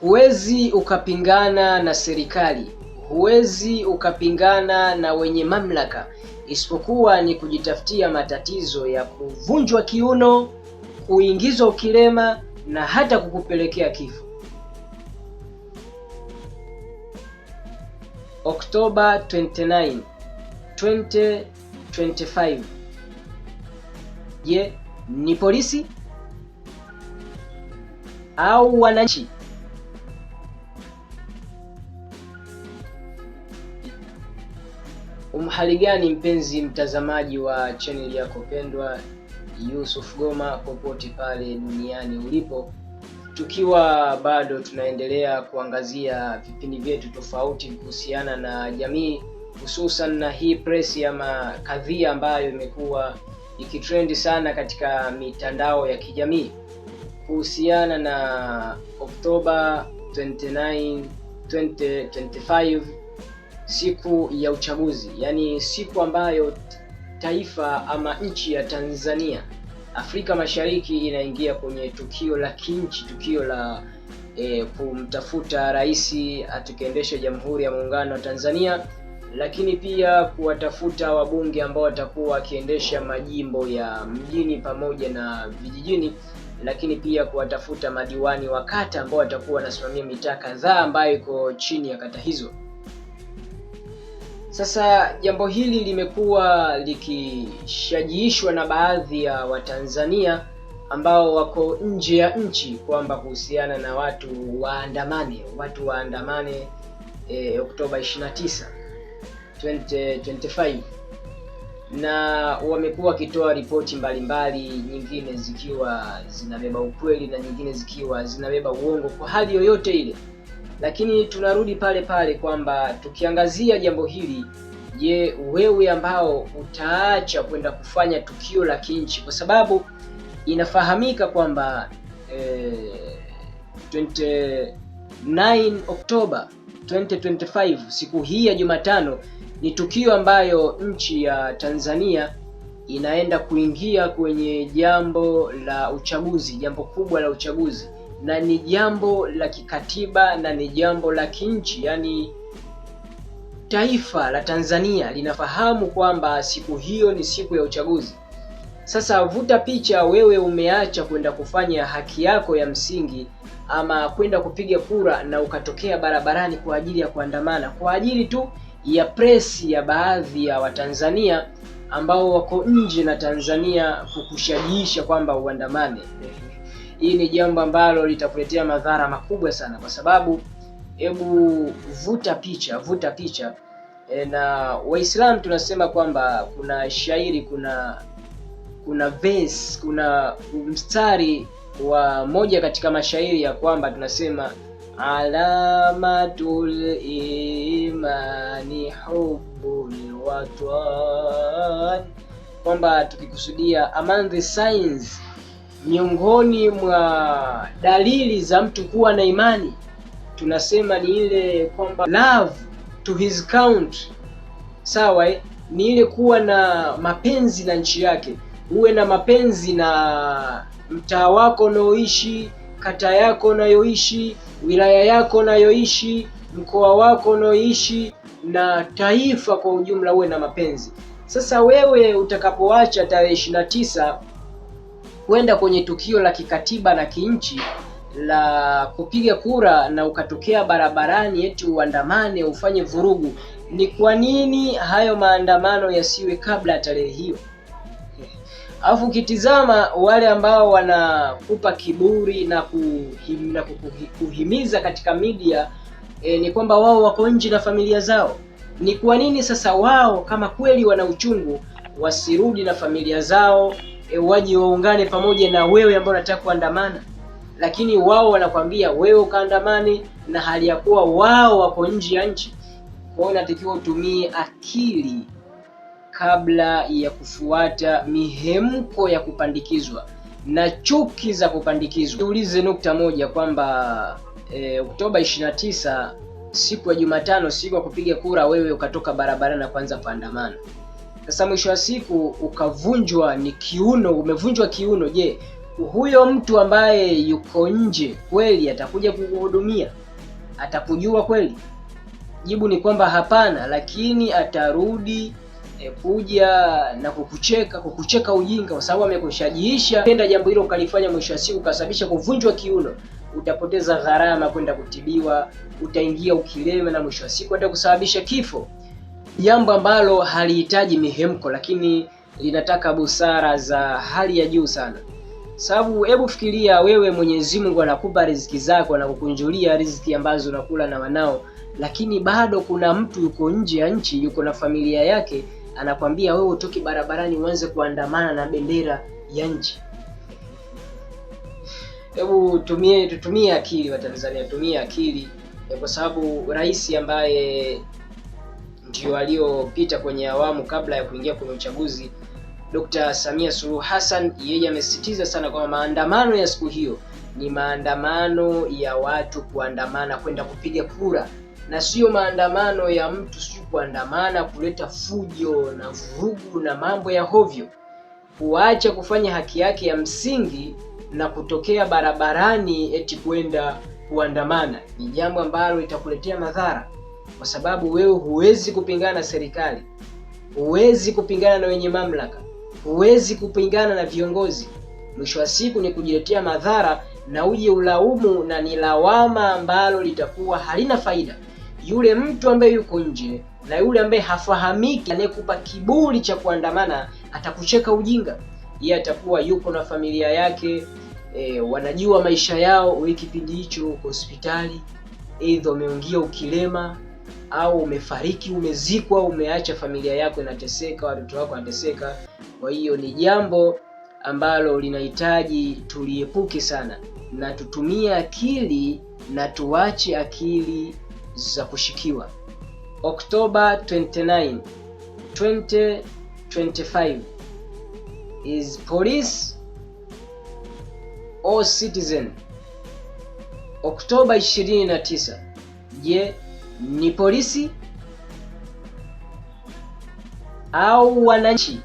Huwezi ukapingana na serikali, huwezi ukapingana na wenye mamlaka, isipokuwa ni kujitafutia matatizo ya kuvunjwa kiuno, kuingizwa ukilema na hata kukupelekea kifo. Oktoba 29, 2025. Je, ni polisi au wananchi? Umhali gani mpenzi mtazamaji wa channel yako pendwa Yusuf Goma, popote pale duniani ulipo, tukiwa bado tunaendelea kuangazia vipindi vyetu tofauti kuhusiana na jamii, hususan na hii press ama kadhia ambayo imekuwa ikitrend sana katika mitandao ya kijamii kuhusiana na Oktoba 29, 2025 siku ya uchaguzi, yaani siku ambayo taifa ama nchi ya Tanzania Afrika Mashariki inaingia kwenye tukio la kinchi, tukio la e, kumtafuta rais atakaendesha Jamhuri ya Muungano wa Tanzania, lakini pia kuwatafuta wabunge ambao watakuwa wakiendesha majimbo ya mjini pamoja na vijijini, lakini pia kuwatafuta madiwani wa kata ambao watakuwa wanasimamia mitaa kadhaa ambayo iko chini ya kata hizo. Sasa jambo hili limekuwa likishajiishwa na baadhi ya Watanzania ambao wako nje ya nchi kwamba kuhusiana na watu waandamane, watu waandamane e, Oktoba 29 2025 na wamekuwa wakitoa ripoti mbalimbali, nyingine zikiwa zinabeba ukweli na nyingine zikiwa zinabeba uongo, kwa hali yoyote ile lakini tunarudi pale pale kwamba tukiangazia jambo hili, je, wewe ambao utaacha kwenda kufanya tukio la kinchi, kwa sababu inafahamika kwamba eh, 29 Oktoba 2025 siku hii ya Jumatano ni tukio ambayo nchi ya Tanzania inaenda kuingia kwenye jambo la uchaguzi, jambo kubwa la uchaguzi na ni jambo la kikatiba na ni jambo la kinchi, yani taifa la Tanzania linafahamu kwamba siku hiyo ni siku ya uchaguzi. Sasa vuta picha, wewe umeacha kwenda kufanya haki yako ya msingi ama kwenda kupiga kura na ukatokea barabarani kwa ajili ya kuandamana kwa ajili tu ya presi ya baadhi ya Watanzania ambao wako nje na Tanzania kukushajiisha kwamba uandamane hii ni jambo ambalo litakuletea madhara makubwa sana, kwa sababu hebu vuta picha, vuta picha e, na Waislamu tunasema kwamba kuna shairi, kuna kuna verse, kuna mstari wa moja katika mashairi ya kwamba tunasema alamatul imani hubbul watan, kwamba tukikusudia among the signs Miongoni mwa dalili za mtu kuwa na imani tunasema ni ile kwamba love to his count sawa eh? Ni ile kuwa na mapenzi na nchi yake, uwe na mapenzi na mtaa wako unaoishi, kata yako unayoishi, wilaya yako unayoishi, mkoa wako unaoishi na taifa kwa ujumla, uwe na mapenzi. Sasa wewe utakapoacha tarehe ishirina tisa kwenda kwenye tukio la kikatiba na kinchi la kupiga kura na ukatokea barabarani eti uandamane ufanye vurugu. Ni kwa nini hayo maandamano yasiwe kabla ya tarehe hiyo? Alafu ukitizama wale ambao wanakupa kiburi na, kuhim, na kuhimiza katika media e, ni kwamba wao wako nje na familia zao. Ni kwa nini sasa wao kama kweli wana uchungu wasirudi na familia zao e, waje waungane pamoja na wewe ambao unataka kuandamana, lakini wao wanakwambia wewe ukaandamane na hali ya kuwa wao wako nje ya nchi. Kwa hiyo unatakiwa utumie akili kabla ya kufuata mihemko ya kupandikizwa na chuki za kupandikizwa. Niulize nukta moja kwamba e, Oktoba 29 siku ya Jumatano, siku ya kupiga kura, wewe ukatoka barabarani na kuanza kuandamana. Sasa mwisho wa siku ukavunjwa ni kiuno, umevunjwa kiuno. Je, huyo mtu ambaye yuko nje kweli atakuja kukuhudumia? Atakujua kweli? Jibu ni kwamba hapana, lakini atarudi e, kuja na kukucheka, kukucheka ujinga, kwa sababu amekushajiisha penda jambo hilo ukalifanya, mwisho wa siku ukasababisha kuvunjwa kiuno. Utapoteza gharama kwenda kutibiwa, utaingia ukilema na mwisho wa siku hata kusababisha kifo jambo ambalo halihitaji mihemko, lakini linataka busara za hali ya juu sana. Sababu hebu fikiria wewe, Mwenyezi Mungu anakupa riziki zako, na kukunjulia riziki ambazo unakula na wanao, lakini bado kuna mtu yuko nje ya nchi, yuko na familia yake, anakwambia wewe utoke barabarani uanze kuandamana na bendera ya nchi. Hebu tumie tutumie akili Tanzania, tumie akili kwa sababu rais ambaye ndio waliopita kwenye awamu kabla ya kuingia kwenye uchaguzi, Dr. Samia Suluhu Hassan yeye amesisitiza sana kwamba maandamano ya siku hiyo ni maandamano ya watu kuandamana kwenda kupiga kura na sio maandamano ya mtu si kuandamana kuleta fujo na vurugu na mambo ya hovyo, kuacha kufanya haki yake ya msingi na kutokea barabarani eti kwenda kuandamana ni jambo ambalo itakuletea madhara kwa sababu wewe huwezi kupingana na serikali, huwezi kupingana na wenye mamlaka, huwezi kupingana na viongozi. Mwisho wa siku ni kujiletea madhara na uje ulaumu, na ni lawama ambalo litakuwa halina faida. Yule mtu ambaye yuko nje na yule ambaye hafahamiki, anayekupa kiburi cha kuandamana, atakucheka ujinga. Yeye atakuwa yuko na familia yake e, wanajua maisha yao. Wewe kipindi hicho uko hospitali, aidha umeungia ukilema au umefariki, umezikwa, umeacha familia yako inateseka, watoto wako wanateseka. Kwa hiyo ni jambo ambalo linahitaji tuliepuke sana na tutumie akili na tuache akili za kushikiwa. oktoba 29, 2025 is police or citizen. Oktoba 29, je, ni polisi au wananchi?